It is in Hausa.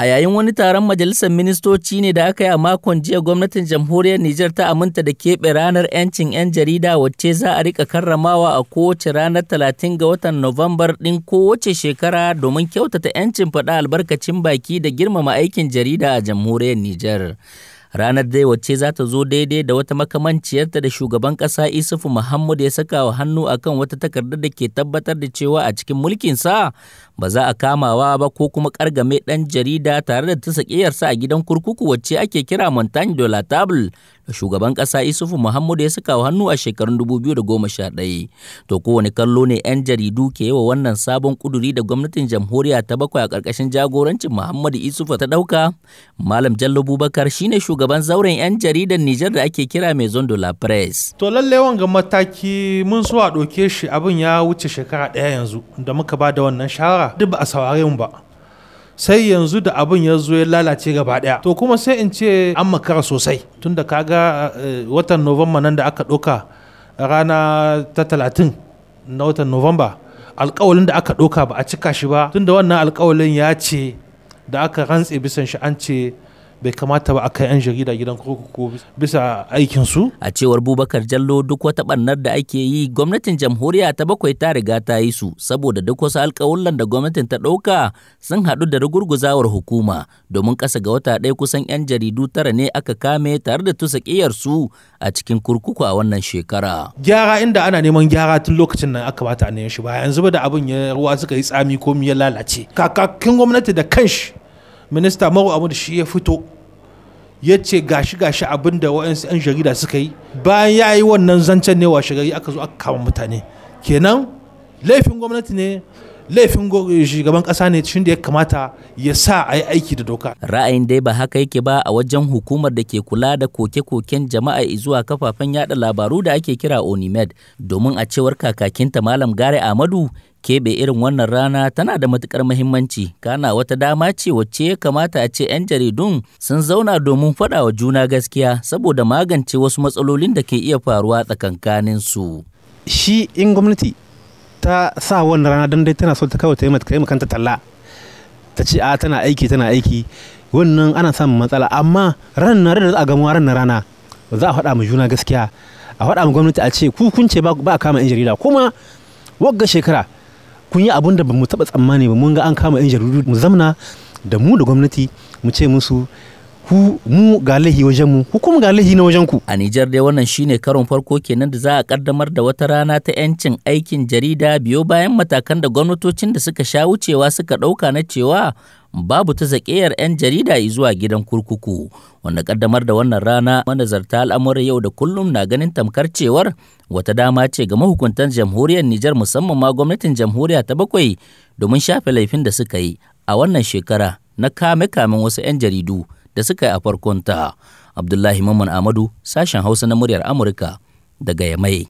A yayin wani taron majalisar ministoci ne da aka yi a makon jiya gwamnatin jamhuriyar Nijar ta aminta da keɓe ranar 'yancin 'yan jarida wacce za a rika karramawa a kowace ranar 30 ga watan Nuwambar ɗin kowace shekara domin kyautata 'yancin faɗa albarkacin baki da girmama aikin jarida a jamhuriyar Nijar. ranar dai wacce za ta zo daidai da wata makamanciyarta da shugaban ƙasa isufu muhammad ya saka wa hannu kan wata takardar da ke tabbatar da cewa a cikin mulkinsa ba za a kamawa ba ko kuma ƙargame ɗan jarida tare da ta a gidan kurkuku wacce ake kira montagne de la table da shugaban ƙasa isufu muhammadu ya saka hannu a shekarun 2011 to kowane kallo ne 'yan jaridu ke yi wa wannan sabon kuduri da gwamnatin jamhuriya ta bakwai a ƙarƙashin jagorancin muhammadu isufu ta ɗauka malam jallo bubakar shine shugaban zauren 'yan jaridan nijar da ake kira mai zondo la presse to lalle wanga mataki mun so a ɗauke shi abin ya wuce shekara ɗaya yanzu da muka ba da wannan shawara duk ba a saurare mu ba sai yanzu da abin ya zo ya lalace gaba daya to kuma sai in ce an makara sosai tunda kaga eh, watan novamba nan da aka doka rana ta talatin na watan novamba alkawalin da aka doka ba a cika shi ba tunda wannan alkawalin ya ce da aka rantse bisan shi an ce bai kamata ba a kai 'yan jarida gidan kurkuku bisa aikin su. A cewar Bubakar Jallo duk wata bannar da ake yi gwamnatin jamhuriya ta bakwai ta riga ta yi su saboda duk wasu alkawulan da gwamnatin ta ɗauka sun haɗu da rugurguzawar hukuma domin kasa ga wata ɗaya kusan 'yan jaridu tara ne aka kame tare da tusa su a cikin kurkuku a wannan shekara. Gyara inda ana neman gyara tun lokacin nan aka bata a shi ba yanzu ba da abin ya ruwa suka yi tsami ko ya lalace. Kakakin gwamnati da kanshi minista mawu abu da shi ya fito ya ce gashi gashi abin da wa'yansu 'yan jarida suka yi bayan ya yi wannan zancen ne washe gari aka zo aka kama mutane kenan laifin gwamnati ne laifin shugaban kasa ne shi da ya kamata ya sa a yi aiki da doka ra'ayin dai ba haka yake ba a wajen hukumar da ke kula da koke-koken jama'a zuwa kafafen yada labaru da ake kira onimed domin a cewar kakakinta malam gare amadu keɓe irin wannan rana tana da matukar mahimmanci kana wata dama ce wacce ya kamata a ce 'yan jaridun sun zauna domin faɗa wa juna gaskiya saboda magance wasu matsalolin da ke iya faruwa tsakankanin su shi in gwamnati ta sa wannan rana don dai tana so ta kawo ta yi makanta talla ta ce a tana aiki tana aiki wannan ana samun matsala amma ran na da za a gamo ran na rana za a faɗa mu juna gaskiya a faɗa mu gwamnati a ce ku kun ce ba a kama 'yan jarida kuma wagga shekara kun yi abin da ba mu taɓa tsammani ba mun ga an kama 'yan jaridu mu zamna da mu da gwamnati mu ce musu ku mu ga lahi wajen mu ku kuma ga lahi na wajen ku a Nijar dai wannan shine karon farko kenan da za a kaddamar da wata rana ta yancin aikin jarida biyo bayan matakan da gwamnatocin da suka sha wucewa suka dauka na cewa babu ta zakiyar 'yan jarida zuwa gidan kurkuku wanda kaddamar da wannan rana manazarta al'amuran yau da kullum na ganin tamkar cewar wata dama ce ga mahukuntan jamhuriyar Nijar musamman ma gwamnatin jamhuriya ta bakwai domin shafe laifin da suka yi a wannan shekara na kame kamen wasu 'yan jaridu da suka yi a farkonta. Abdullahi Maman Amadu, sashen Hausa na muryar Amurka daga Yamai.